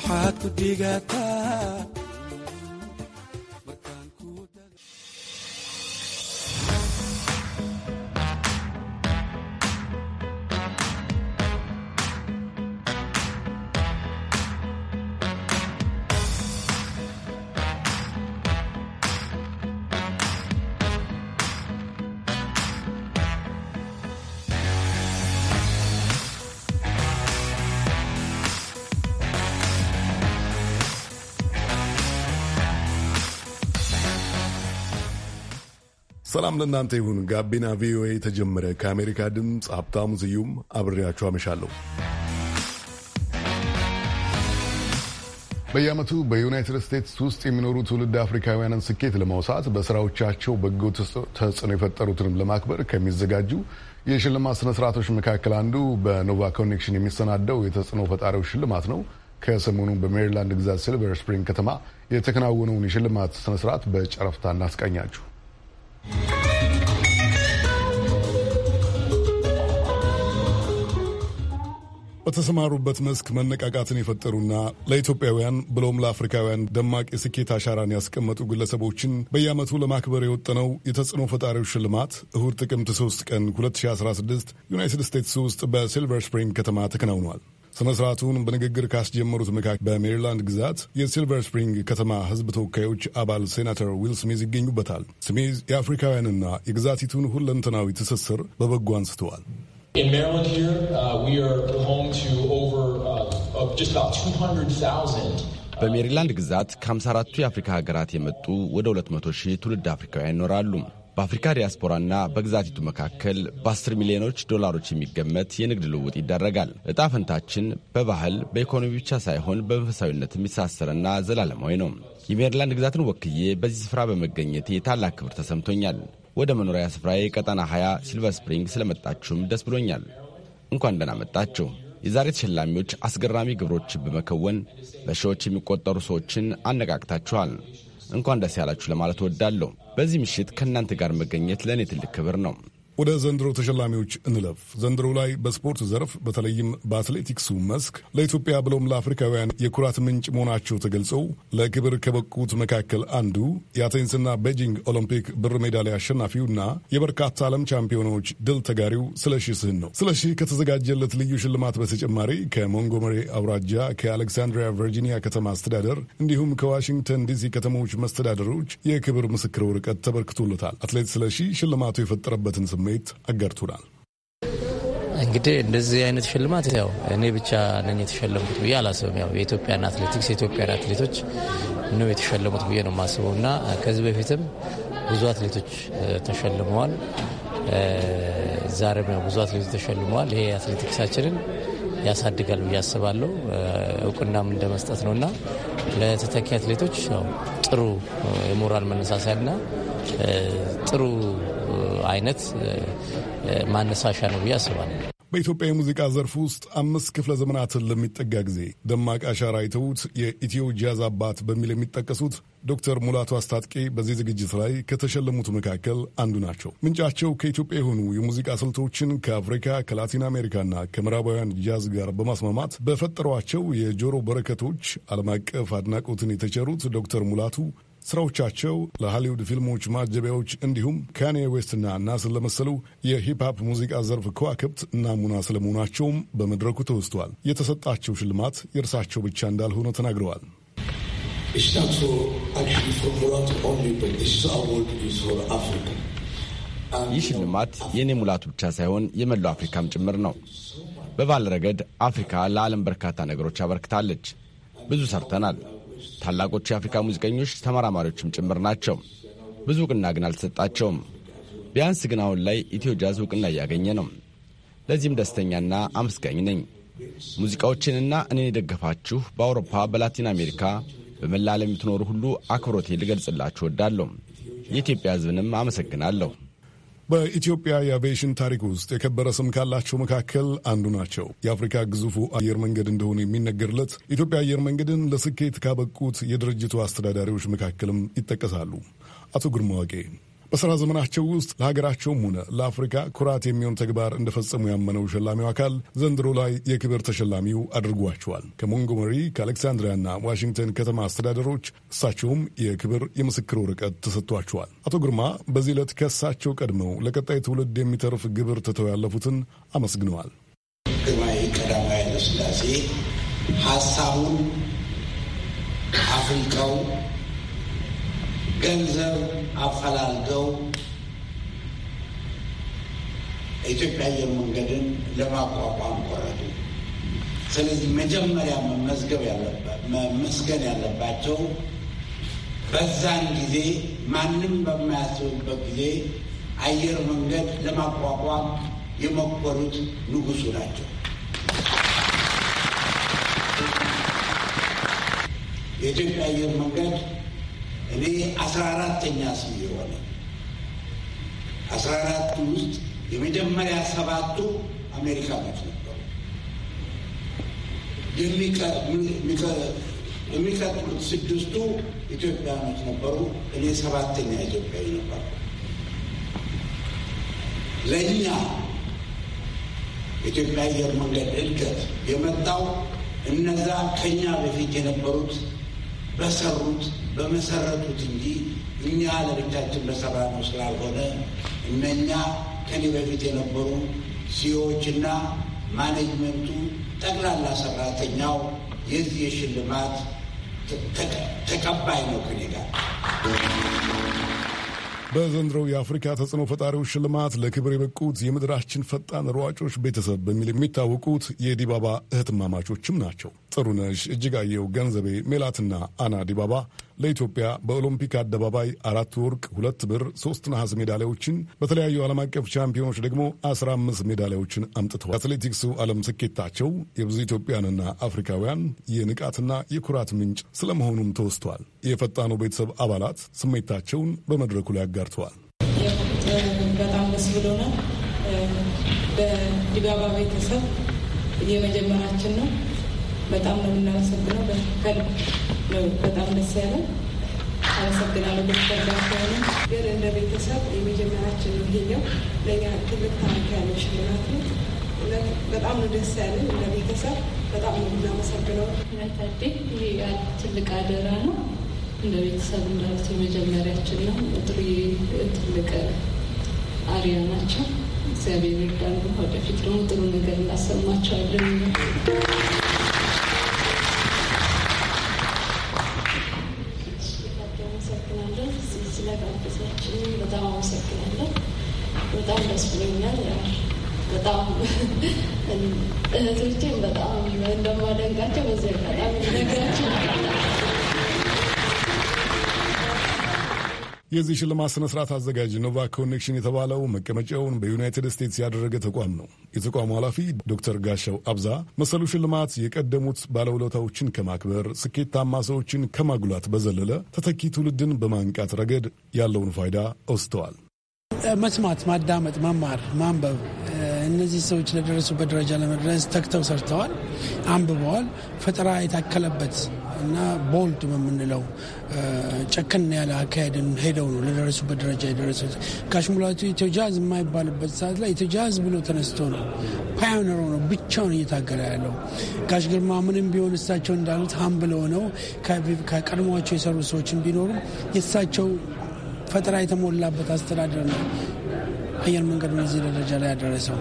waxaad ku dhigataa ሰላም ለእናንተ ይሁን። ጋቢና ቪኦኤ ተጀመረ። ከአሜሪካ ድምፅ ሀብታሙ ስዩም አብሬያችሁ አመሻለሁ። በየዓመቱ በዩናይትድ ስቴትስ ውስጥ የሚኖሩ ትውልድ አፍሪካውያንን ስኬት ለማውሳት በስራዎቻቸው በጎ ተጽዕኖ የፈጠሩትንም ለማክበር ከሚዘጋጁ የሽልማት ስነስርዓቶች መካከል አንዱ በኖቫ ኮኔክሽን የሚሰናደው የተጽዕኖ ፈጣሪዎች ሽልማት ነው። ከሰሞኑ በሜሪላንድ ግዛት ሲልቨር ስፕሪንግ ከተማ የተከናወነውን የሽልማት ስነስርዓት በጨረፍታ እናስቃኛችሁ። በተሰማሩበት መስክ መነቃቃትን የፈጠሩና ለኢትዮጵያውያን ብሎም ለአፍሪካውያን ደማቅ የስኬት አሻራን ያስቀመጡ ግለሰቦችን በየዓመቱ ለማክበር የወጠነው የተጽዕኖ ፈጣሪዎች ሽልማት እሁድ ጥቅምት 3 ቀን 2016 ዩናይትድ ስቴትስ ውስጥ በሲልቨር ስፕሪንግ ከተማ ተከናውኗል። ስነ ስርዓቱን በንግግር ካስጀመሩት መካከል በሜሪላንድ ግዛት የሲልቨር ስፕሪንግ ከተማ ህዝብ ተወካዮች አባል ሴናተር ዊል ስሚዝ ይገኙበታል። ስሚዝ የአፍሪካውያንና የግዛቲቱን ሁለንተናዊ ትስስር በበጎ አንስተዋል። uh, uh, uh, በሜሪላንድ ግዛት ከ54ቱ የአፍሪካ ሀገራት የመጡ ወደ 200 ሺህ ትውልድ አፍሪካውያን ይኖራሉ። በአፍሪካ ዲያስፖራና በግዛቲቱ መካከል በ10 ሚሊዮኖች ዶላሮች የሚገመት የንግድ ልውውጥ ይደረጋል። ዕጣ ፈንታችን በባህል በኢኮኖሚ ብቻ ሳይሆን በመንፈሳዊነት የሚተሳሰረና ዘላለማዊ ነው። የሜሪላንድ ግዛትን ወክዬ በዚህ ስፍራ በመገኘት የታላቅ ክብር ተሰምቶኛል። ወደ መኖሪያ ስፍራዬ ቀጠና 20 ሲልቨር ስፕሪንግ ስለመጣችሁም ደስ ብሎኛል። እንኳን ደህና መጣችሁ። የዛሬ ተሸላሚዎች አስገራሚ ግብሮችን በመከወን በሺዎች የሚቆጠሩ ሰዎችን አነቃቅታችኋል። እንኳን ደስ ያላችሁ ለማለት እወዳለሁ። በዚህ ምሽት ከእናንተ ጋር መገኘት ለእኔ ትልቅ ክብር ነው። ወደ ዘንድሮ ተሸላሚዎች እንለፍ። ዘንድሮ ላይ በስፖርት ዘርፍ በተለይም በአትሌቲክሱ መስክ ለኢትዮጵያ ብሎም ለአፍሪካውያን የኩራት ምንጭ መሆናቸው ተገልጸው ለክብር ከበቁት መካከል አንዱ የአቴንስና ቤጂንግ ኦሎምፒክ ብር ሜዳሊያ አሸናፊውና የበርካታ ዓለም ቻምፒዮኖች ድል ተጋሪው ስለሺ ስህን ነው። ስለሺ ከተዘጋጀለት ልዩ ሽልማት በተጨማሪ ከሞንጎመሪ አውራጃ፣ ከአሌክሳንድሪያ ቨርጂኒያ ከተማ አስተዳደር እንዲሁም ከዋሽንግተን ዲሲ ከተሞች መስተዳደሮች የክብር ምስክር ወረቀት ተበርክቶለታል። አትሌት ስለሺ ሽልማቱ የፈጠረበትን ስሜት አጋርቶናል። እንግዲህ እንደዚህ አይነት ሽልማት ያው እኔ ብቻ ነኝ የተሸለሙት ብዬ አላስብም። ያው የኢትዮጵያን አትሌቲክስ የኢትዮጵያን አትሌቶች ነው የተሸለሙት ብዬ ነው የማስበው እና ከዚህ በፊትም ብዙ አትሌቶች ተሸልመዋል። ዛሬም ያው ብዙ አትሌቶች ተሸልመዋል። ይሄ አትሌቲክሳችንን ያሳድጋል ብዬ አስባለሁ። እውቅናም እንደ መስጠት ነው እና ለተተኪ አትሌቶች ጥሩ የሞራል መነሳሳያና ጥሩ አይነት ማነሳሻ ነው ብዬ አስባለሁ። በኢትዮጵያ የሙዚቃ ዘርፍ ውስጥ አምስት ክፍለ ዘመናትን ለሚጠጋ ጊዜ ደማቅ አሻራ የተዉት የኢትዮ ጃዝ አባት በሚል የሚጠቀሱት ዶክተር ሙላቱ አስታጥቄ በዚህ ዝግጅት ላይ ከተሸለሙት መካከል አንዱ ናቸው። ምንጫቸው ከኢትዮጵያ የሆኑ የሙዚቃ ስልቶችን ከአፍሪካ ከላቲን አሜሪካና ከምዕራባውያን ጃዝ ጋር በማስማማት በፈጠሯቸው የጆሮ በረከቶች ዓለም አቀፍ አድናቆትን የተቸሩት ዶክተር ሙላቱ ስራዎቻቸው ለሃሊውድ ፊልሞች ማጀቢያዎች እንዲሁም ካኔ ዌስትና ናስን ለመሰሉ የሂፕሃፕ ሙዚቃ ዘርፍ ከዋክብት ናሙና ስለመሆናቸውም በመድረኩ ተወስቷል። የተሰጣቸው ሽልማት የእርሳቸው ብቻ እንዳልሆነ ተናግረዋል። ይህ ሽልማት የእኔ ሙላቱ ብቻ ሳይሆን የመላው አፍሪካም ጭምር ነው። በባል ረገድ አፍሪካ ለዓለም በርካታ ነገሮች አበርክታለች። ብዙ ሰርተናል። ታላቆቹ የአፍሪካ ሙዚቀኞች ተመራማሪዎችም ጭምር ናቸው። ብዙ እውቅና ግን አልተሰጣቸውም። ቢያንስ ግን አሁን ላይ ኢትዮ ጃዝ እውቅና እያገኘ ነው። ለዚህም ደስተኛና አመስጋኝ ነኝ። ሙዚቃዎችንና እኔን የደገፋችሁ በአውሮፓ፣ በላቲን አሜሪካ፣ በመላ ዓለም የምትኖሩ ሁሉ አክብሮቴ ልገልጽላችሁ እወዳለሁ። የኢትዮጵያ ሕዝብንም አመሰግናለሁ። በኢትዮጵያ የአቪዬሽን ታሪክ ውስጥ የከበረ ስም ካላቸው መካከል አንዱ ናቸው። የአፍሪካ ግዙፉ አየር መንገድ እንደሆነ የሚነገርለት ኢትዮጵያ አየር መንገድን ለስኬት ካበቁት የድርጅቱ አስተዳዳሪዎች መካከልም ይጠቀሳሉ። አቶ ግርማዋቄ ዋቄ በሥራ ዘመናቸው ውስጥ ለሀገራቸውም ሆነ ለአፍሪካ ኩራት የሚሆን ተግባር እንደፈጸሙ ያመነው ሸላሚው አካል ዘንድሮ ላይ የክብር ተሸላሚው አድርጓቸዋል። ከሞንጎመሪ ከአሌክሳንድሪያና ዋሽንግተን ከተማ አስተዳደሮች እሳቸውም የክብር የምስክር ወረቀት ተሰጥቷቸዋል። አቶ ግርማ በዚህ ዕለት ከእሳቸው ቀድመው ለቀጣይ ትውልድ የሚተርፍ ግብር ትተው ያለፉትን አመስግነዋል። ግርማዊ ቀዳማዊ ኃይለሥላሴ ሀሳቡን አፍልቀው ገንዘብ አፈላልገው ኢትዮጵያ አየር መንገድን ለማቋቋም ቆረጡ። ስለዚህ መጀመሪያ መመዝገብ መመስገን ያለባቸው በዛን ጊዜ ማንም በማያስብበት ጊዜ አየር መንገድ ለማቋቋም የሞከሩት ንጉሱ ናቸው። የኢትዮጵያ አየር መንገድ እኔ አስራ አራተኛ የሆነ አስራ አራቱ ውስጥ የመጀመሪያ ሰባቱ አሜሪካኖች ነበሩ። የሚቀጥሉት ስድስቱ ኢትዮጵያኖች ነበሩ። እኔ ሰባተኛ ኢትዮጵያዊ ነበር። ለእኛ ኢትዮጵያ አየር መንገድ እድገት የመጣው እነዛ ከኛ በፊት የነበሩት በሰሩት በመሰረቱት እንጂ እኛ ለብቻችን በሰራ ነው ስላልሆነ እነኛ ከኔ በፊት የነበሩ ሲዮዎችና ማኔጅመንቱ ጠቅላላ ሰራተኛው የዚህ የሽልማት ተቀባይ ነው ከኔ ጋር። በዘንድሮው የአፍሪካ ተጽዕኖ ፈጣሪዎች ሽልማት ለክብር የበቁት የምድራችን ፈጣን ሯጮች ቤተሰብ በሚል የሚታወቁት የዲባባ እህትማማቾችም ናቸው። ጥሩነሽ እጅጋየው፣ ገንዘቤ ሜላትና አና ዲባባ ለኢትዮጵያ በኦሎምፒክ አደባባይ አራት ወርቅ፣ ሁለት ብር፣ ሶስት ነሐስ ሜዳሊያዎችን በተለያዩ ዓለም አቀፍ ቻምፒዮኖች ደግሞ አስራ አምስት ሜዳሊያዎችን አምጥተዋል። አትሌቲክሱ ዓለም ስኬታቸው የብዙ ኢትዮጵያንና አፍሪካውያን የንቃትና የኩራት ምንጭ ስለመሆኑም ተወስቷል። የፈጣኑ ቤተሰብ አባላት ስሜታቸውን በመድረኩ ላይ አጋርተዋል። በጣም ደስ ብሎናል። በዲባባ ቤተሰብ የመጀመራችን ነው። በጣም ነው የምናመሰግነው። በጣም ደስ ያለ አመሰግናለሁ። በተደጋሆነ ግን እንደ ቤተሰብ የመጀመሪያችን ይሄኛው ለእኛ ትልቅ ታሪክ ያለው ሽልማት ነው። በጣም ነው ደስ ያለን እንደ ቤተሰብ በጣም ነው የምናመሰግነው። ነታዴ ይሄ ትልቅ አደራ ነው። እንደ ቤተሰብ እንዳሉት የመጀመሪያችን ነው። ጥሩ ትልቅ አሪያ ናቸው። እግዚአብሔር ይርዳሉ። ወደፊት ደግሞ ጥሩ ነገር እናሰማቸዋለን። የዚህ ሽልማት ስነ ስርዓት አዘጋጅ ኖቫ ኮኔክሽን የተባለው መቀመጫውን በዩናይትድ ስቴትስ ያደረገ ተቋም ነው። የተቋሙ ኃላፊ ዶክተር ጋሻው አብዛ መሰሉ ሽልማት የቀደሙት ባለውለታዎችን ከማክበር ስኬታማ ሰዎችን ከማጉላት በዘለለ ተተኪ ትውልድን በማንቃት ረገድ ያለውን ፋይዳ አውስተዋል። መስማት፣ ማዳመጥ፣ መማር፣ ማንበብ እነዚህ ሰዎች ለደረሱበት ደረጃ ለመድረስ ተግተው ሰርተዋል፣ አንብበዋል። ፈጠራ የታከለበት እና ቦልድ በምንለው ጨከን ያለ አካሄድን ሄደው ነው ለደረሱበት ደረጃ የደረሱት። ጋሽ ሙላቱ የማይባልበት ሰዓት ላይ ኢትዮጃዝ ብሎ ተነስቶ ነው ፓዮነሮ ነው ብቻውን እየታገለ ያለው። ጋሽ ግርማ ምንም ቢሆን እሳቸው እንዳሉት ሀምብል ሆነው ከቀድሟቸው የሰሩ ሰዎችን ቢኖሩም የእሳቸው ፈጠራ የተሞላበት አስተዳደር ነው አየር መንገድ ነው እዚህ ደረጃ ላይ ያደረሰው።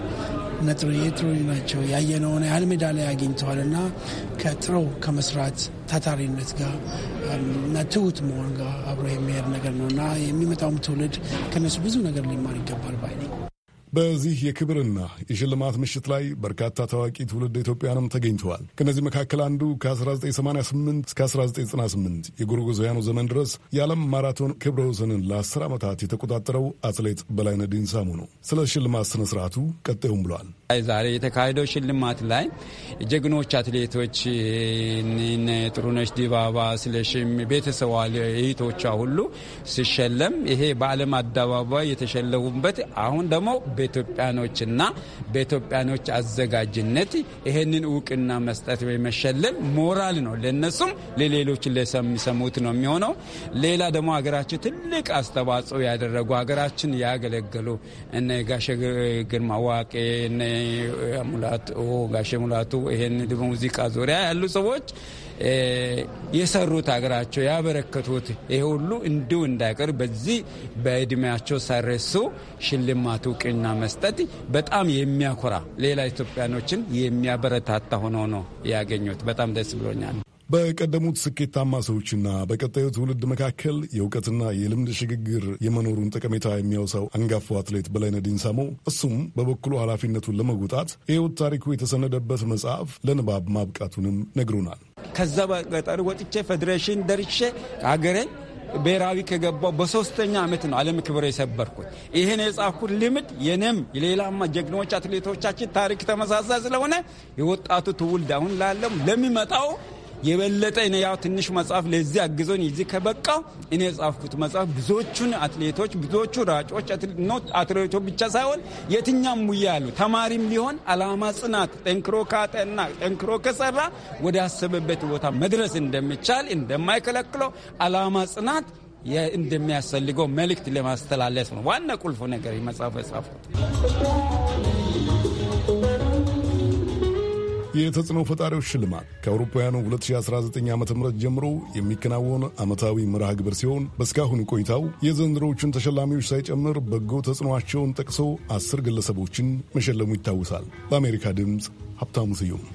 የትሮኒ ናቸው ያየነውን ያህል ሜዳሊያ አግኝተዋል እና ከጥረው ከመስራት ታታሪነት ጋር እና ትሁት መሆን ጋር አብሮ የሚሄድ ነገር ነው እና የሚመጣውም ትውልድ ከነሱ ብዙ ነገር ሊማር ይገባል ባይ ነኝ። በዚህ የክብርና የሽልማት ምሽት ላይ በርካታ ታዋቂ ትውልድ ኢትዮጵያንም ተገኝተዋል። ከእነዚህ መካከል አንዱ ከ1988 እስከ 1998 የጎርጎሳውያኑ ዘመን ድረስ የዓለም ማራቶን ክብረ ወሰንን ለ10 ዓመታት የተቆጣጠረው አትሌት በላይነህ ዲንሳሙ ነው። ስለ ሽልማት ስነ ስርዓቱ ቀጣዩም ብሏል። ዛሬ የተካሄደው ሽልማት ላይ ጀግኖች አትሌቶች ጥሩነሽ ዲባባ፣ ስለሽም ቤተሰቧ፣ እህቶቿ ሁሉ ሲሸለም ይሄ በዓለም አደባባይ የተሸለሙበት አሁን ደግሞ በኢትዮጵያኖችና በኢትዮጵያኖች አዘጋጅነት ይሄንን እውቅና መስጠት ወይ መሸለም ሞራል ነው ለነሱም ለሌሎች ለሚሰሙት ነው የሚሆነው። ሌላ ደግሞ ሀገራችን ትልቅ አስተዋጽኦ ያደረጉ ሀገራችን ያገለገሉ እነ ጋሸ ግርማ ዋቄ፣ እነ ሙላቱ ጋሸ ሙላቱ ይሄን ሙዚቃ ዙሪያ ያሉ ሰዎች የሰሩት ሀገራቸው ያበረከቱት ይሄ ሁሉ እንዲሁ እንዳይቀር በዚህ በእድሜያቸው ሳይረሱ ሽልማት እውቅና መስጠት በጣም የሚያኮራ ሌላ ኢትዮጵያኖችን የሚያበረታታ ሆኖ ነው ያገኙት። በጣም ደስ ብሎኛል። በቀደሙት ስኬታማ ሰዎችና በቀጣዩ ትውልድ መካከል የእውቀትና የልምድ ሽግግር የመኖሩን ጠቀሜታ የሚያውሳው አንጋፋው አትሌት በላይነህ ዲንሳሞ እሱም በበኩሉ ኃላፊነቱን ለመወጣት የሕይወት ታሪኩ የተሰነደበት መጽሐፍ ለንባብ ማብቃቱንም ነግሩናል። ከዛ በገጠር ወጥቼ ፌዴሬሽን ደርሼ አገሬን ብሔራዊ ከገባው በሶስተኛ ዓመት ነው ዓለም ክብር የሰበርኩት። ይህን የጻፍኩት ልምድ የኔም የሌላማ ጀግኖች አትሌቶቻችን ታሪክ ተመሳሳይ ስለሆነ የወጣቱ ትውልድ አሁን ላለው ለሚመጣው የበለጠ እኔ ያው ትንሽ መጽሐፍ ለዚህ አግዞን ይዚ ከበቃ እኔ የጻፍኩት መጽሐፍ ብዙዎቹን አትሌቶች ብዙዎቹ ራጮች አትሌቶች ብቻ ሳይሆን የትኛም ሙያ ያሉ ተማሪም ሊሆን አላማ፣ ጽናት ጠንክሮ ካጠና ጠንክሮ ከሰራ ወደ ያሰበበት ቦታ መድረስ እንደሚቻል እንደማይከለክለው አላማ ጽናት እንደሚያስፈልገው መልእክት ለማስተላለፍ ነው ዋና ቁልፎ ነገር መጽሐፍ የጻፍኩት። የተጽዕኖ ፈጣሪዎች ሽልማት ከአውሮፓውያኑ 2019 ዓ ም ጀምሮ የሚከናወን ዓመታዊ መርሃ ግብር ሲሆን በእስካሁን ቆይታው የዘንድሮዎቹን ተሸላሚዎች ሳይጨምር በጎ ተጽዕኖቸውን ጠቅሶ አስር ግለሰቦችን መሸለሙ ይታወሳል። ለአሜሪካ ድምፅ ሀብታሙ ስዩም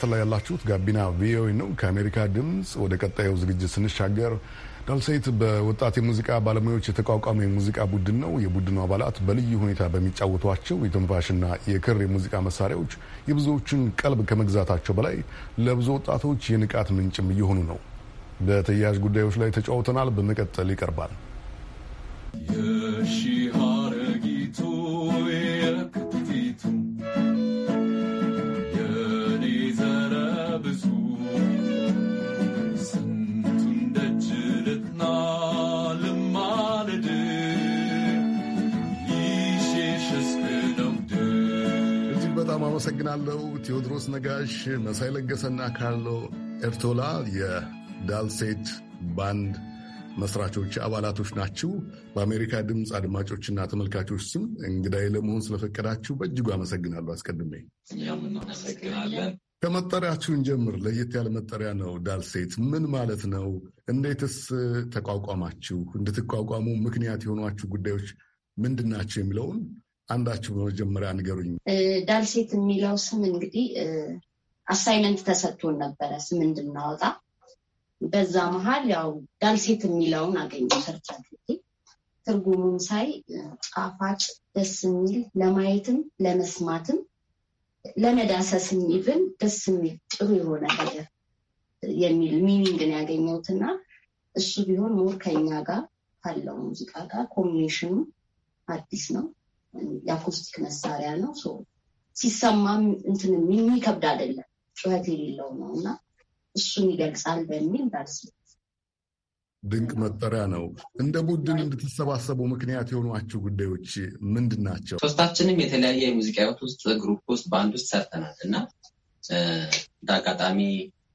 በመከታተል ላይ ያላችሁት ጋቢና ቪኦኤ ነው። ከአሜሪካ ድምፅ ወደ ቀጣዩ ዝግጅት ስንሻገር ዳልሰይት በወጣት የሙዚቃ ባለሙያዎች የተቋቋመ የሙዚቃ ቡድን ነው። የቡድኑ አባላት በልዩ ሁኔታ በሚጫወቷቸው የትንፋሽና የክር የሙዚቃ መሳሪያዎች የብዙዎችን ቀልብ ከመግዛታቸው በላይ ለብዙ ወጣቶች የንቃት ምንጭም እየሆኑ ነው። በተያያዥ ጉዳዮች ላይ ተጫውተናል። በመቀጠል ይቀርባል። አመሰግናለሁ። ቴዎድሮስ ነጋሽ፣ መሳይ ለገሰና ካርሎ ኤርቶላ የዳልሴት ባንድ መስራቾች አባላቶች ናችሁ። በአሜሪካ ድምፅ አድማጮችና ተመልካቾች ስም እንግዳይ ለመሆን ስለፈቀዳችሁ በእጅጉ አመሰግናለሁ። አስቀድሜ ከመጠሪያችሁን ጀምር። ለየት ያለ መጠሪያ ነው። ዳልሴት ምን ማለት ነው? እንዴትስ ተቋቋማችሁ? እንድትቋቋሙ ምክንያት የሆኗችሁ ጉዳዮች ምንድን ናቸው የሚለውን አንዳችሁ በመጀመሪያ ንገሩኝ። ዳልሴት የሚለው ስም እንግዲህ አሳይመንት ተሰጥቶን ነበረ ስም እንድናወጣ። በዛ መሀል ያው ዳልሴት የሚለውን አገኘው ሰርቻ ትርጉሙን ሳይ ጣፋጭ፣ ደስ የሚል ለማየትም ለመስማትም ለመዳሰስ ይብን ደስ የሚል ጥሩ የሆነ ነገር የሚል ሚኒንግን ያገኘሁትና እሱ ቢሆን ሞር ከኛ ጋር ካለው ሙዚቃ ጋር ኮምቢኔሽኑ አዲስ ነው። የአኩስቲክ መሳሪያ ነው። ሲሰማም እንትን የሚከብድ አይደለም፣ ጩኸት የሌለው ነው እና እሱን ይገልጻል በሚል ባስ ድንቅ መጠሪያ ነው። እንደ ቡድን እንድትሰባሰቡ ምክንያት የሆኗቸው ጉዳዮች ምንድን ናቸው? ሶስታችንም የተለያየ የሙዚቃ ህይወት ውስጥ ግሩፕ ውስጥ በአንድ ውስጥ ሰርተናል እና እንደ አጋጣሚ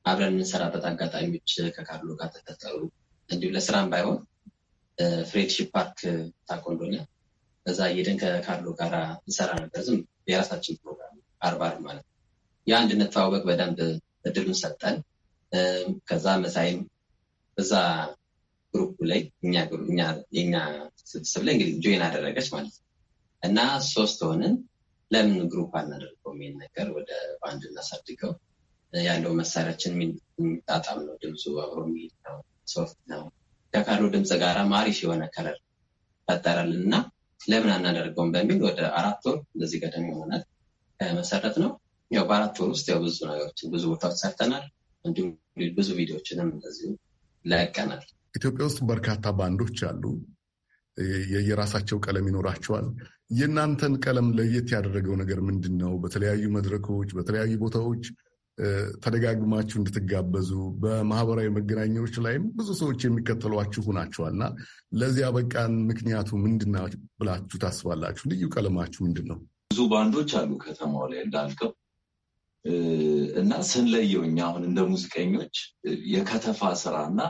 አብረን የምንሰራበት አጋጣሚዎች ከካርሎ ጋር ተፈጠሩ። እንዲሁም ለስራም ባይሆን ፍሬድሺፕ ፓርክ ታቆንዶኛል ከዛ እየደን ከካርሎ ጋር እንሰራ ነበር። ዝም የራሳችን ፕሮግራም አርባር ማለት ነው። ያ እንድንተዋወቅ በደንብ እድሉን ሰጠን። ከዛ መሳይም እዛ ግሩፕ ላይ የኛ ስብስብ ላይ እንግዲህ ጆይን አደረገች ማለት ነው እና ሶስት ሆንን። ለምን ግሩፕ አናደርገው የሚል ነገር ወደ በአንድ እናሳድገው ያለው መሳሪያችን የሚጣጣም ነው። ድምፁ አብሮ የሚሄድ ነው። ሶፍት ነው። ከካርሎ ድምፅ ጋራ ማሪፍ የሆነ ከለር ፈጠረልን እና ለምን አናደርገውም በሚል ወደ አራት ወር እንደዚህ ገደም ይሆናል መሰረት ነው። ያው በአራት ወር ውስጥ ያው ብዙ ነገሮች ብዙ ቦታዎች ሰርተናል። እንዲሁም ብዙ ቪዲዮችንም እንደዚሁ ለቀናል። ኢትዮጵያ ውስጥ በርካታ ባንዶች አሉ። የየራሳቸው ቀለም ይኖራቸዋል። የእናንተን ቀለም ለየት ያደረገው ነገር ምንድን ነው? በተለያዩ መድረኮች፣ በተለያዩ ቦታዎች ተደጋግማችሁ እንድትጋበዙ በማህበራዊ መገናኛዎች ላይም ብዙ ሰዎች የሚከተሏችሁ ናቸዋልና ለዚያ በቃን ምክንያቱ ምንድን ነው ብላችሁ ታስባላችሁ? ልዩ ቀለማችሁ ምንድን ነው? ብዙ ባንዶች አሉ ከተማው ላይ እንዳልከው እና ስንለየው እኛ አሁን እንደ ሙዚቀኞች የከተፋ ስራ እና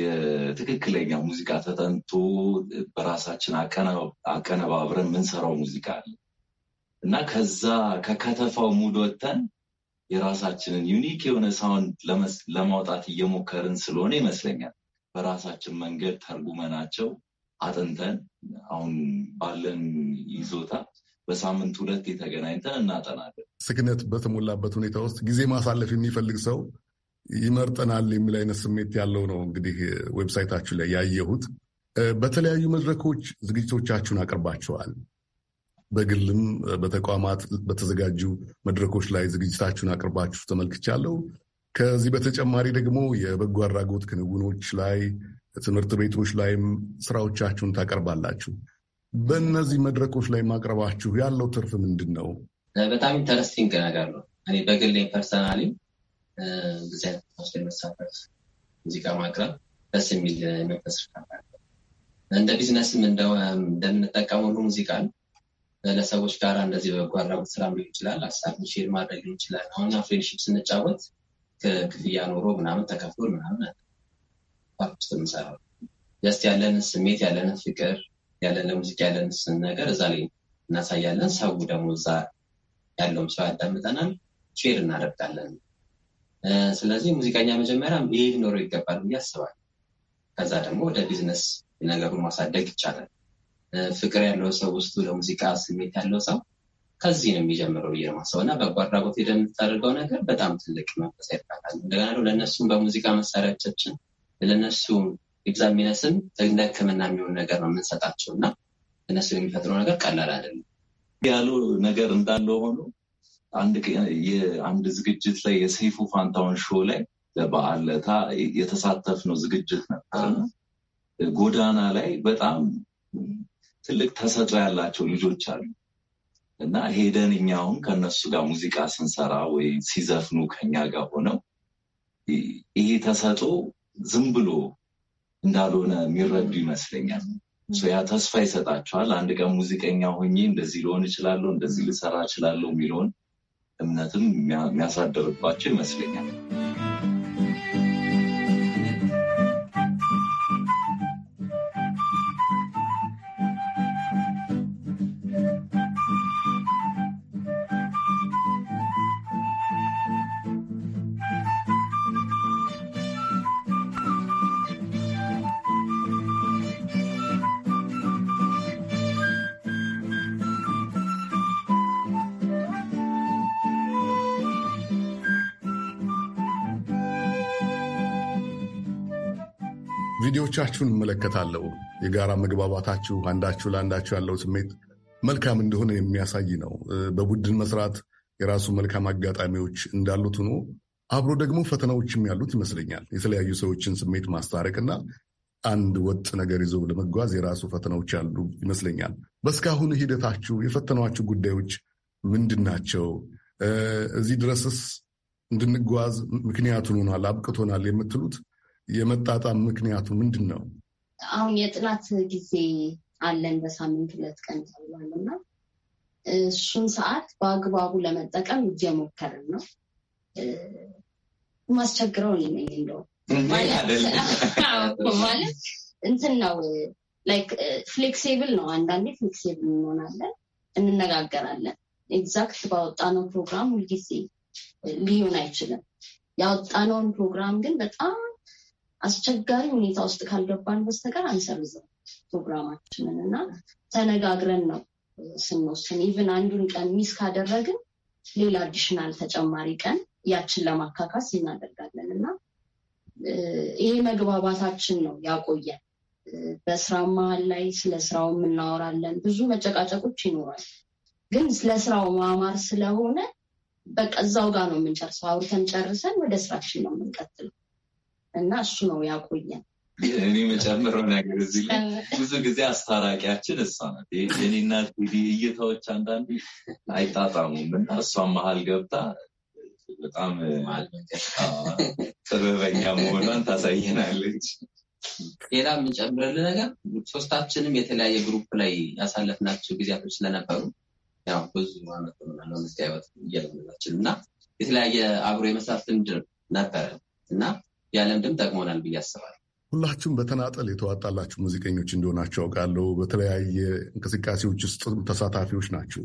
የትክክለኛ ሙዚቃ ተጠንቶ በራሳችን አቀነባብረን የምንሰራው ሙዚቃ አለ እና ከዛ ከከተፋው ሙድ ወጥተን የራሳችንን ዩኒክ የሆነ ሳውንድ ለማውጣት እየሞከርን ስለሆነ ይመስለኛል በራሳችን መንገድ ተርጉመናቸው አጥንተን አሁን ባለን ይዞታ በሳምንት ሁለት የተገናኝተን እናጠናለን። ስክነት በተሞላበት ሁኔታ ውስጥ ጊዜ ማሳለፍ የሚፈልግ ሰው ይመርጠናል የሚል አይነት ስሜት ያለው ነው። እንግዲህ ዌብሳይታችሁ ላይ ያየሁት በተለያዩ መድረኮች ዝግጅቶቻችሁን አቅርባችኋል። በግልም በተቋማት በተዘጋጁ መድረኮች ላይ ዝግጅታችሁን አቅርባችሁ ተመልክቻለሁ። ከዚህ በተጨማሪ ደግሞ የበጎ አድራጎት ክንውኖች ላይ ትምህርት ቤቶች ላይም ስራዎቻችሁን ታቀርባላችሁ። በእነዚህ መድረኮች ላይ ማቅረባችሁ ያለው ትርፍ ምንድን ነው? በጣም ኢንተረስቲንግ ነገር ነው። እኔ በግል ፐርሰናሊ እንደዚህ አይነት ቦታዎች ሙዚቃ ማቅረብ ደስ የሚል መንፈስ እንደ ቢዝነስም እንደምንጠቀም ሁሉ ሙዚቃን ለሰዎች ጋር እንደዚህ በጎ አድራጎት ስራ ሊሆን ይችላል፣ ሀሳብ ሼር ማድረግ ሊሆን ይችላል። አሁን ፍሬንድሺፕ ስንጫወት ክፍያ ኖሮ ምናምን ተከፍሎ ምናምን ፓርክ ውስጥ ጀስት ያለን ስሜት ያለንን ፍቅር ያለን ለሙዚቃ ያለን ስን ነገር እዛ ላይ እናሳያለን። ሰው ደግሞ እዛ ያለውም ሰው ያዳምጠናል፣ ሼር እናደርጋለን። ስለዚህ ሙዚቀኛ መጀመሪያ ይህ ኖሮ ይገባል ብዬ አስባለሁ። ከዛ ደግሞ ወደ ቢዝነስ ነገሩን ማሳደግ ይቻላል። ፍቅር ያለው ሰው ውስጡ ለሙዚቃ ስሜት ያለው ሰው ከዚህ ነው የሚጀምረው ብዬ ነው የማስበው እና በጎ አድራጎት ሄደን የምታደርገው ነገር በጣም ትልቅ መንፈሳ ይባላል። እንደገና ደግሞ ለእነሱም በሙዚቃ መሳሪያዎቻችን ለእነሱ ይብዛ የሚነስም እንደ ሕክምና የሚሆን ነገር ነው የምንሰጣቸው እና እነሱ የሚፈጥረው ነገር ቀላል አይደለም ያሉ ነገር እንዳለው ሆኖ አንድ ዝግጅት ላይ የሰይፉ ፋንታውን ሾ ላይ በበዓል ዕለት የተሳተፍነው ዝግጅት ነበር ጎዳና ላይ በጣም ትልቅ ተሰጥኦ ያላቸው ልጆች አሉ እና ሄደን እኛውን ከነሱ ጋር ሙዚቃ ስንሰራ ወይ ሲዘፍኑ ከኛ ጋር ሆነው ይሄ ተሰጦ ዝም ብሎ እንዳልሆነ የሚረዱ ይመስለኛል። ያ ተስፋ ይሰጣቸዋል። አንድ ቀን ሙዚቀኛ ሆኜ እንደዚህ ልሆን እችላለሁ፣ እንደዚህ ልሰራ እችላለሁ የሚለውን እምነትም የሚያሳደርባቸው ይመስለኛል። ቪዲዮቻችሁን እመለከታለሁ። የጋራ መግባባታችሁ፣ አንዳችሁ ለአንዳችሁ ያለው ስሜት መልካም እንደሆነ የሚያሳይ ነው። በቡድን መስራት የራሱ መልካም አጋጣሚዎች እንዳሉት ሆኖ አብሮ ደግሞ ፈተናዎችም ያሉት ይመስለኛል። የተለያዩ ሰዎችን ስሜት ማስታረቅና አንድ ወጥ ነገር ይዞ ለመጓዝ የራሱ ፈተናዎች ያሉ ይመስለኛል። በእስካሁን ሂደታችሁ የፈተኗችሁ ጉዳዮች ምንድን ናቸው? እዚህ ድረስስ እንድንጓዝ ምክንያቱን ሆኗል፣ አብቅቶናል የምትሉት የመጣጣም ምክንያቱ ምንድን ነው? አሁን የጥናት ጊዜ አለን በሳምንት ሁለት ቀን ተብሏል እና እሱን ሰዓት በአግባቡ ለመጠቀም እየሞከርን ነው። ማስቸግረው ነኝ እንደው ማለት እንትን ነው ላይክ ፍሌክሲብል ነው። አንዳንዴ ፍሌክሲብል እንሆናለን፣ እንነጋገራለን። ኤግዛክት ባወጣነው ፕሮግራም ሁልጊዜ ሊሆን አይችልም። ያወጣነውን ፕሮግራም ግን በጣም አስቸጋሪ ሁኔታ ውስጥ ካልገባን በስተቀር አንሰርዝም ፕሮግራማችንን እና ተነጋግረን ነው ስንወስን ኢቭን አንዱን ቀን ሚስ ካደረግን ሌላ አዲሽናል ተጨማሪ ቀን ያችን ለማካካስ እናደርጋለን እና ይሄ መግባባታችን ነው ያቆየን። በስራ መሀል ላይ ስለ ስራው የምናወራለን። ብዙ መጨቃጨቆች ይኖራል፣ ግን ስለ ስራው ማማር ስለሆነ በቃ እዛው ጋር ነው የምንጨርሰው። አውርተን ጨርሰን ወደ ስራችን ነው የምንቀጥለው። እና እሱ ነው ያቆየን። እኔ መጨምረው ነገር እዚህ ላይ ብዙ ጊዜ አስታራቂያችን እሷ ናት። እኔና እይታዎች አንዳንድ አይጣጣሙም እና እሷን መሀል ገብታ በጣም ጥበበኛ መሆኗን ታሳየናለች። ሌላ የምንጨምርል ነገር ሶስታችንም የተለያየ ግሩፕ ላይ ያሳለፍናቸው ጊዜያቶች ስለነበሩ ያው ብዙ ማለት ነው መስያ ህይወት እየለመናችን እና የተለያየ አብሮ የመስራት ልምድ ነበረ እና የዓለም ድም ጠቅሞናል ብዬ አስባለሁ። ሁላችሁም በተናጠል የተዋጣላችሁ ሙዚቀኞች እንደሆናችሁ አውቃለሁ። በተለያየ እንቅስቃሴዎች ውስጥ ተሳታፊዎች ናችሁ።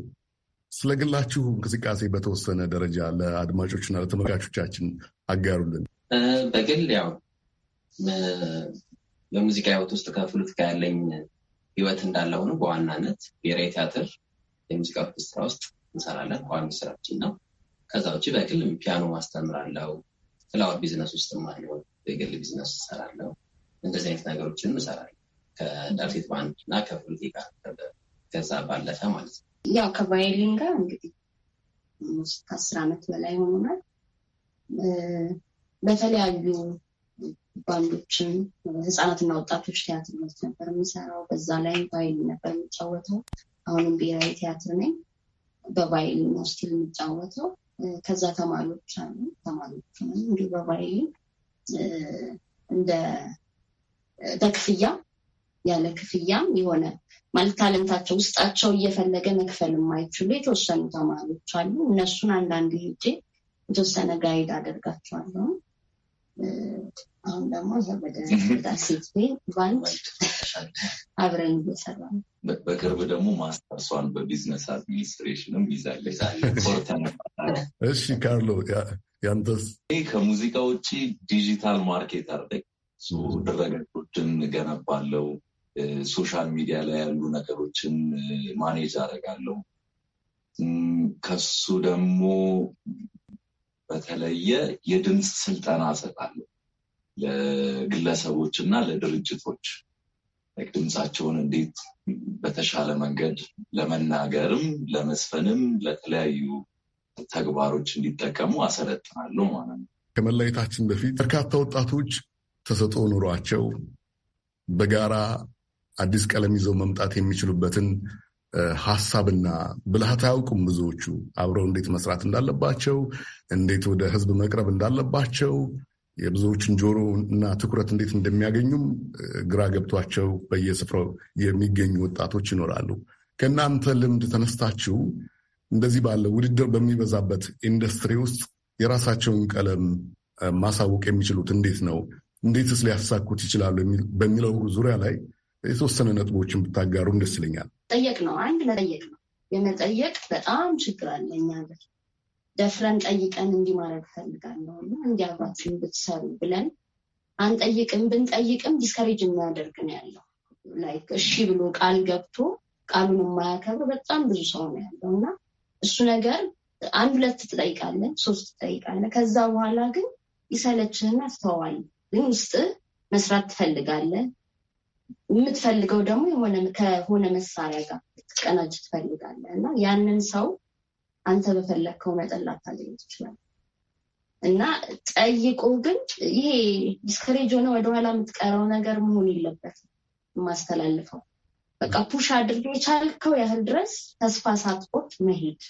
ስለግላችሁ እንቅስቃሴ በተወሰነ ደረጃ ለአድማጮችና ለተመልካቾቻችን አጋሩልን። በግል ያው በሙዚቃ ህይወት ውስጥ ከፖለቲካ ያለኝ ህይወት እንዳለ ሆኖ በዋናነት ብሔራዊ ቲያትር የሙዚቃ ስራ ውስጥ እንሰራለን። ዋና ስራችን ነው። ከዛ ውጭ በግል ፒያኖ ማስተምራለው፣ ክላውድ ቢዝነስ ውስጥም አለው የግል ቢዝነስ እሰራለሁ። እንደዚህ አይነት ነገሮችንም እሰራለሁ ከዳርሴት ባንድ እና ከፍሉቴ ጋር ከዛ ባለፈ ማለት ነው። ያው ከቫይሊን ጋር እንግዲህ ከአስር ዓመት በላይ ሆኖናል። በተለያዩ ባንዶችን ህፃናትና ወጣቶች ቲያትር መት ነበር የሚሰራው። በዛ ላይ ቫይሊን ነበር የሚጫወተው። አሁንም ብሔራዊ ቲያትር ነኝ። በቫይሊን ነው ስቲል የሚጫወተው ከዛ ተማሪዎች አሉ። ተማሪዎች እንዲሁ በባይሌ እንደ በክፍያ ያለ ክፍያም የሆነ ማለት ታለንታቸው ውስጣቸው እየፈለገ መክፈል የማይችሉ የተወሰኑ ተማሪዎች አሉ። እነሱን አንዳንድ ሄጄ የተወሰነ ጋይድ አደርጋቸዋለሁ። አሁን ደግሞ ወደ ሴት ባንድ አብረን እየሰራ ነው። በቅርብ ደግሞ ማስተርሷን በቢዝነስ አድሚኒስትሬሽንም ይዛለች። እሺ ካርሎ ያንተስ? ከሙዚቃ ውጭ ዲጂታል ማርኬተር ላይ ድረገጦችን ገነባለው፣ ሶሻል ሚዲያ ላይ ያሉ ነገሮችን ማኔጅ አደርጋለሁ። ከሱ ደግሞ በተለየ የድምፅ ስልጠና ሰጣለ። ለግለሰቦች እና ለድርጅቶች ድምፃቸውን እንዴት በተሻለ መንገድ ለመናገርም ለመስፈንም ለተለያዩ ተግባሮች እንዲጠቀሙ አሰለጥናለሁ ማለት ነው። ከመለየታችን በፊት በርካታ ወጣቶች ተሰጦ ኑሯቸው በጋራ አዲስ ቀለም ይዘው መምጣት የሚችሉበትን ሀሳብና ብልሃት አያውቁም። ብዙዎቹ አብረው እንዴት መስራት እንዳለባቸው፣ እንዴት ወደ ህዝብ መቅረብ እንዳለባቸው፣ የብዙዎችን ጆሮ እና ትኩረት እንዴት እንደሚያገኙም ግራ ገብቷቸው በየስፍራው የሚገኙ ወጣቶች ይኖራሉ። ከእናንተ ልምድ ተነስታችሁ እንደዚህ ባለ ውድድር በሚበዛበት ኢንዱስትሪ ውስጥ የራሳቸውን ቀለም ማሳወቅ የሚችሉት እንዴት ነው? እንዴትስ ሊያሳኩት ይችላሉ? በሚለው ዙሪያ ላይ የተወሰነ ነጥቦችን ብታጋሩ ደስ ይለኛል። ጠየቅ ነው አንድ መጠየቅ ነው። የመጠየቅ በጣም ችግር አለ እኛ ጋር ደፍረን ጠይቀን እንዲህ ማድረግ እፈልጋለሁ እና እንዲህ አብራችሁን ብትሰሩ ብለን አንጠይቅም። ብንጠይቅም ዲስከሬጅ የሚያደርግ ነው ያለው። ላይክ እሺ ብሎ ቃል ገብቶ ቃሉን የማያከብር በጣም ብዙ ሰው ነው ያለው እና እሱ ነገር አንድ ሁለት ትጠይቃለን፣ ሶስት ትጠይቃለ ከዛ በኋላ ግን ይሰለችህና ትተዋል። ግን ውስጥ መስራት ትፈልጋለን የምትፈልገው ደግሞ የሆነ ከሆነ መሳሪያ ጋር ትቀናጅ ትፈልጋለህ እና ያንን ሰው አንተ በፈለግከው መጠን ላታገኝ ትችላል። እና ጠይቆ ግን ይሄ ዲስከሬጅ ሆነ ወደኋላ የምትቀረው ነገር መሆን የለበት። የማስተላልፈው በቃ ፑሽ አድርግ የቻልከው ያህል ድረስ ተስፋ ሳትቆርጥ መሄድ፣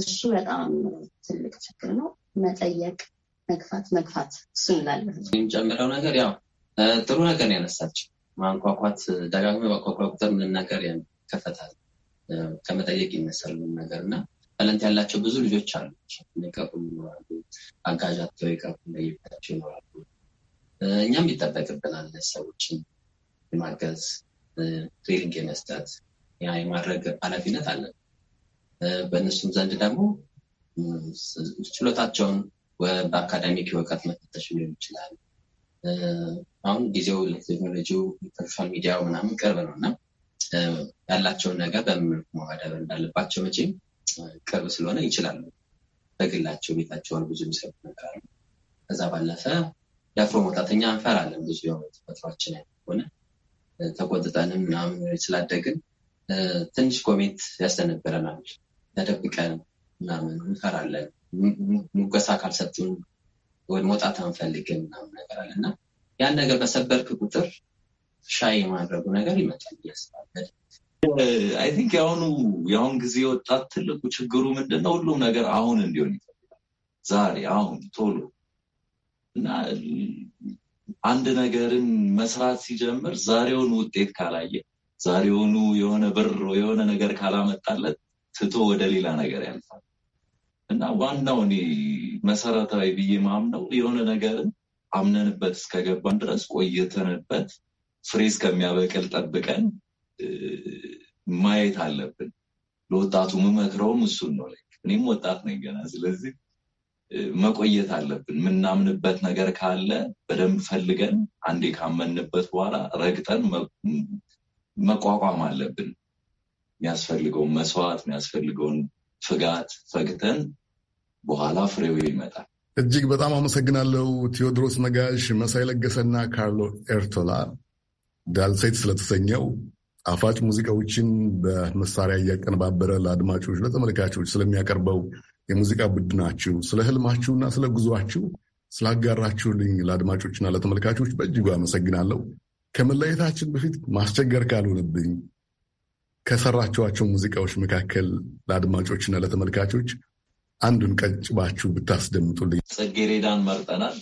እሱ በጣም ትልቅ ችግር ነው። መጠየቅ፣ መግፋት መግፋት እሱ እንላለን። የሚጨምረው ነገር ያው ጥሩ ነገር ነው ያነሳቸው ማንኳኳት ደጋግሞ የማንኳኳት መናገር ከፈታል ከመጠየቅ ይነሳል ነገር እና ታለንት ያላቸው ብዙ ልጆች አሉ። ሚቀፉ ይኖራሉ፣ አጋዣቸው ይቀቁ እንደየቤታቸው ይኖራሉ። እኛም ይጠበቅብናል ሰዎችን የማገዝ ትሬኒንግ የመስጠት ያ የማድረግ ኃላፊነት አለን። በእነሱም ዘንድ ደግሞ ችሎታቸውን በአካዳሚክ እውቀት መፈተሽ ሊሆን ይችላል አሁን ጊዜው ለቴክኖሎጂው ሶሻል ሚዲያ ምናምን ቅርብ ነው እና ያላቸውን ነገር በምን ማዳበር እንዳለባቸው መቼም ቅርብ ስለሆነ ይችላሉ። በግላቸው ቤታቸውን ብዙ የሚሰሩ ነገር አለ። ከዛ ባለፈ ደፍሮ መውጣተኛ እንፈራለን። ብዙ የሆነ ተፈጥሯችን ሆነ ተቆጥጠንም ምናምን ስላደግን ትንሽ ኮሜንት ያስተነብረናል። ተደብቀን ምናምን እንፈራለን። ሙገሳ ካልሰጡን ወይ መውጣት አንፈልግም ምናምን ነገር አለ እና ያን ነገር በሰበርክ ቁጥር ሻይ የማድረጉ ነገር ይመጣል እያስባለን አይ ቲንክ የአሁኑ የአሁን ጊዜ ወጣት ትልቁ ችግሩ ምንድን ነው? ሁሉም ነገር አሁን እንዲሆን ይፈልጋል። ዛሬ፣ አሁን፣ ቶሎ እና አንድ ነገርን መስራት ሲጀምር ዛሬውን ውጤት ካላየ፣ ዛሬውኑ የሆነ ብር የሆነ ነገር ካላመጣለት ትቶ ወደ ሌላ ነገር ያልፋል። እና ዋናው እኔ መሰረታዊ ብዬ ማምነው የሆነ ነገርን አምነንበት እስከገባን ድረስ ቆይተንበት ፍሬ እስከሚያበቅል ጠብቀን ማየት አለብን። ለወጣቱ ምመክረውም እሱን ነው። እኔም ወጣት ነኝ ገና። ስለዚህ መቆየት አለብን። የምናምንበት ነገር ካለ በደንብ ፈልገን አንዴ ካመንበት በኋላ ረግጠን መቋቋም አለብን። የሚያስፈልገውን መስዋዕት፣ የሚያስፈልገውን ፍጋት ፈግተን በኋላ ፍሬው ይመጣል። እጅግ በጣም አመሰግናለሁ ቴዎድሮስ ነጋሽ፣ መሳይ ለገሰና ካርሎ ኤርቶላ ዳልሴት ስለተሰኘው ጣፋጭ ሙዚቃዎችን በመሳሪያ እያቀነባበረ ለአድማጮች ለተመልካቾች ስለሚያቀርበው የሙዚቃ ቡድናችሁ ስለ ህልማችሁና ስለ ጉዟችሁ ስላጋራችሁልኝ ለአድማጮችና ለተመልካቾች በእጅጉ አመሰግናለሁ። ከመለየታችን በፊት ማስቸገር ካልሆነብኝ ከሰራችኋቸው ሙዚቃዎች መካከል ለአድማጮችና ለተመልካቾች አንዱን ቀጭባችሁ ብታስደምጡልኝ። ጽጌሬዳን መርጠናል።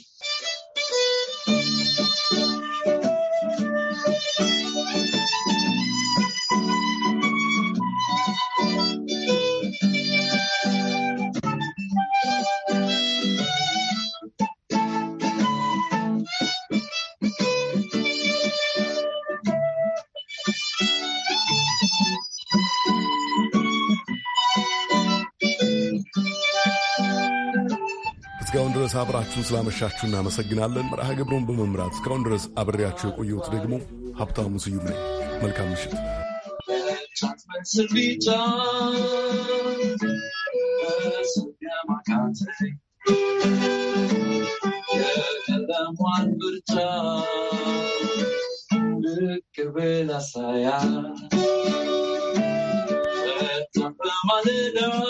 ድረስ አብራችሁን ስላመሻችሁ እናመሰግናለን። መርሃ ግብሩን በመምራት እስካሁን ድረስ አብሬያችሁ የቆየሁት ደግሞ ሀብታሙ ስዩም ነኝ። መልካም ምሽት። Look